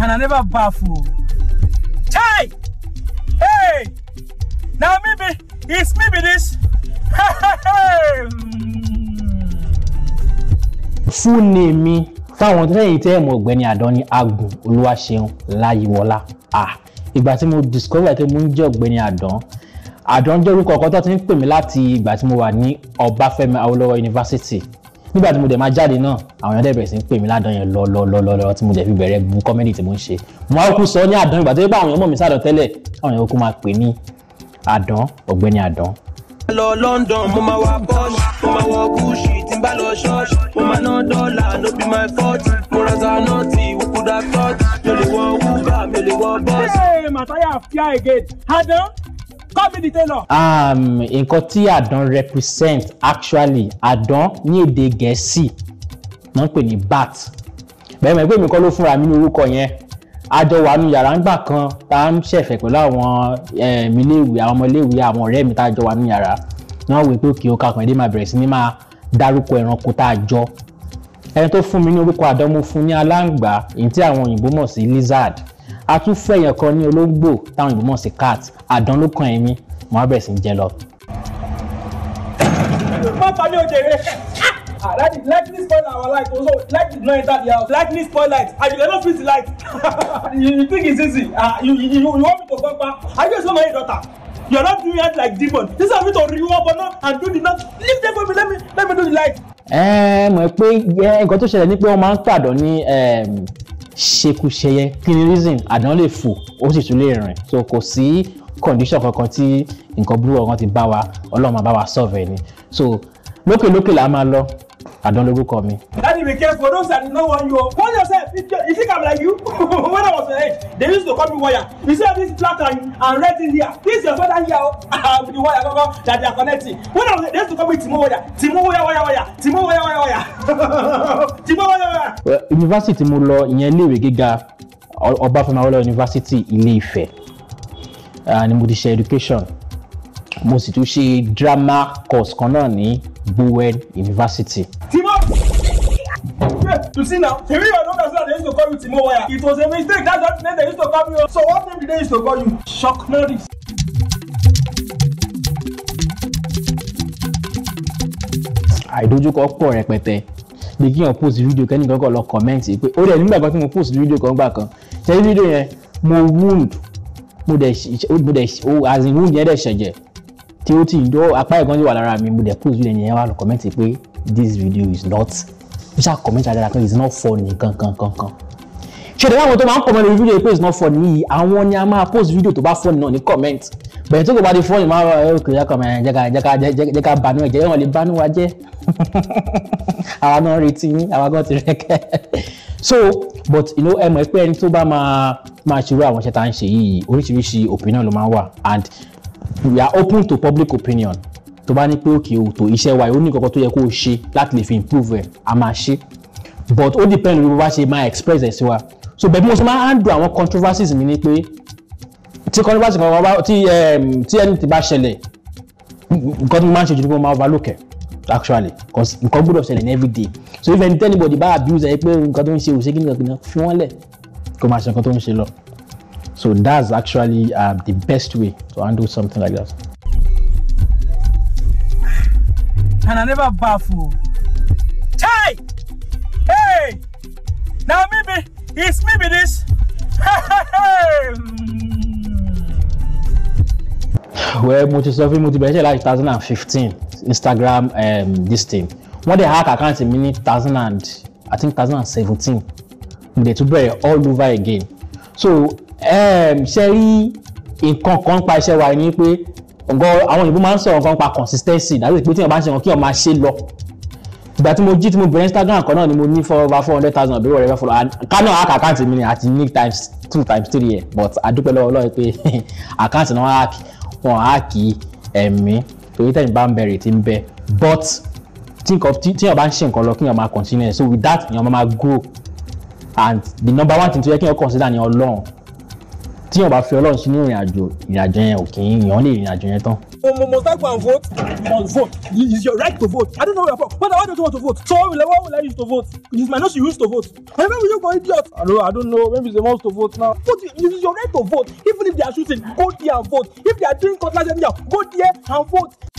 and I never baff. Chai! Hey! Now maybe it's maybe this. Full name me. Fáwọn tó sẹ́yìn tẹ́ ẹ̀mọ̀ ọ̀gbẹ́ni Àdánì Agùn Olúwaṣeun Láyíwọlá. Ìgbà tí mo discover tí mo ń jẹ́ ọ̀gbẹ́ni Àdán. Àdán jẹ́ orúkọ ọ̀kan tó ti ń pè mí láti ìgbà tí mo wà ní Ọbáfẹ́mi Awólọ́wọ̀ University nígbà tí mo dẹ̀ máa jáde náà àwọn èèyàn dẹ̀bẹ̀rẹ̀ sí ń pè mí ládàn yẹn lọ lọ lọ lọ tí mo dẹ̀ fi bẹ̀rẹ̀ bu kọ́mẹ́dì tí mo ń ṣe mo máa kú sọ ní àdán ìgbà tó yẹ pé àwọn èèyàn mọ̀ mí sádàn tẹ́lẹ̀ àwọn èèyàn kú máa pè ní àdán ọ̀gbẹ́ni àdán. lọ London mo máa wá bọ́ọ̀ṣì mo máa wọ gúúsì tí n bá lọ ṣọ́ọ̀ṣì mo máa ná dọ́là no be my fault mo ra zanọ́ọ̀tì wípúdà tọ́ọ̀tì mi ò lè wọ wúbà mi ò lè wọ bọ́ọ̀ṣì. Come in detail now. Um, nǹkan tí àdán represent actually àdán ní èdè gẹ̀ẹ́sì wọ́n pè ní bat bẹ́ẹ̀ mọ̀ pé mi kọ́ ló fúnra mi ní orúkọ yẹn àjọ wà nù yàrá ńgbà kan tá à ń ṣẹ̀fẹ̀ pẹ̀lú àwọn mi léèwé àwọn ọmọ léèwé àwọn ọ̀rẹ́ mi tá a jọ wà nù yàrá wọ́n wí pé òkè òkà kan èdè máa bẹ̀rẹ̀ sí ní máa dárúkọ ẹranko tá a jọ ẹni tó fún mi ní orúkọ àdán mo fún ní aláǹgbá èyí tí àwọn òyìnbó mọ̀ sí lizard a tún fún èèyàn kan ní olóńgbò táwọn ìgbìmọ̀ sí cat àdán ló kàn ẹ̀mí mo á bẹ̀rẹ̀ sí jẹ lọ. mọ́tò ní òjèrè lightning spoil our light also lightning no enter the house lightning spoil light and fix the light you, think it's easy ah, you, want me to go back i just want daughter you are not doing it like demon this is me to reward bono and do the not leave them for me let me let me do the light. ẹ eh, mọ̀ pé eh, nǹkan tó ṣẹlẹ̀ ni pé wọ́n máa ń pàdán ní ehm, ṣekúṣeyẹ cleanism àdán lè fò ó sì tún lè rìn so kò sí condition kankan tí nǹkan burúkú kan ti bá wa ọlọ́run máa bá wa solve ni so lókèlókè là á máa lọ àdán lórúkọ mi. daddy be careful those that no wan you o warn yourself if you, come like you when i was your age they used to call me wire you see this black and, and red thing here this your father here o ah the wire kankan that they are connecting when i was they used to call me timo wire timo wire wire wire timo wire wire wire yunifásitì eh, mo lọ ìyẹn iléèwé gíga ọbáfẹ́mi awólọ́wọ̀ yunifásitì ilé Ifẹ̀ ah, ni mo ti ṣe education mo sì tún ṣe drama course kan náà ní Bowen University. timo you see now tèmi yóò know that they used to call you timo it was a mistake that's what they used to call you so what name did they used to call you shock norris. àìdójúkọ pọ̀ rẹpẹtẹ bí kí wọ́n post fídíò kẹ́ni kankan lọ comment pé ó dẹ̀ nígbà kan tí mo post fídíò kan gbà kan ṣe video, yẹn mo wound mo dẹ̀ mo dẹ̀ as in wound yẹn dẹ̀ ṣẹ̀jẹ̀ tí ó ti ń dọ́ apá ẹ̀gbọ́n ti wà lára mi mo dẹ̀ post fídíò yẹn wà lọ comment pé this video is not mo ṣáà comment àdára pé it's not funny kankan kankan ṣètò àwọn tó máa ń comment fídíò pé it's not funny yìí àwọn ni a máa post fídíò tó bá funny náà ní comment bẹ̀rẹ̀ tó kò bá di funny máa rọ ẹ òkè yàkọ̀ mẹ́rin jẹ́ banu. banú ẹ̀jẹ̀ wọn lè banú wa jẹ́ àwa náà retí yín àwa gan ti rẹ́kẹ́ so but you know ẹ mọ̀ pé ẹni tó bá máa máa ṣerú àwọn iṣẹ́ tá à ń ṣe yìí oríṣiríṣi opinion ló máa wà and we are open to public opinion tó bá ní pé òkè òtò iṣẹ́ wa ìhóní kankan tó yẹ kó o ṣe láti lè ẹ̀ a máa but ó depend lórí bó bá ṣe máa express ẹ̀ sí wa so bẹ́ẹ̀ bí mo ṣe máa handle àwọn controversies mi ni pé tí controversy kan bá tí um, tí ẹni tí bá ṣẹlẹ̀ nǹkan tí mo máa ṣe jù ni mo máa overlook ẹ̀ actually because nǹkan gbọ́dọ̀ ṣẹlẹ̀ ní everyday so if anybody bá abuse ẹ pé nǹkan to ń ṣe òṣèkí nìkan pinna fi wọ́n lẹ̀ kó máa ṣe nǹkan tó ń ṣe lọ so that's actually uh, the best way to handle something like that. and I never baff o. Chai! Hey! Na me be It's me, be this. Hmm. well, mo ti sọ fún mo ti bẹ̀rẹ̀ ṣe Instagram um, this thing when they hack account mi ní two thousand and I think two thousand and seventeen mo all over again so um, ṣe rí nǹkan kan pa iṣẹ́ wa ni pé ọ̀gọ́ àwọn òyìnbó máa ń sọ̀rọ̀ nǹkan pa consistency dàbí pé tí wọ́n bá ń ṣe nǹkan kí wọ́n máa ṣe lọ ìgbà tí mo jí tí mo bẹ̀rẹ̀ Instagram kan náà ni mo ní four over four hundred thousand àbí whatever follow kánà hack account mi ni àti nick times two times three yẹn but àdúpẹ́ lọ́wọ́ Ọlọ́run pé account náà hack wọn hack ẹ̀mí torí tẹ̀yìn bá ń bẹ̀rẹ̀ tí ń bẹ but tí yàn bá ń ṣe nǹkan lọ kí yàn máa continue so with that yàn máa grow and the number one thing tó yẹ kí yàn consider ni Ọlọ́run tí yàn bá fi ọlọ́run sí ní ìrìn àjò ìrìn àjò yẹn ò kì í yàn lè ìrìn àjò yẹn tán. mo mo start and vote must vote it is your right to vote i don't know where from but why don't you want to vote so why will i will use to vote it is my nose use to vote and when you go idiot. i don't i don't know when we the must to vote now vote it is your right to vote even if they are shooting go there and vote if they are doing cutlass anyhow go there and vote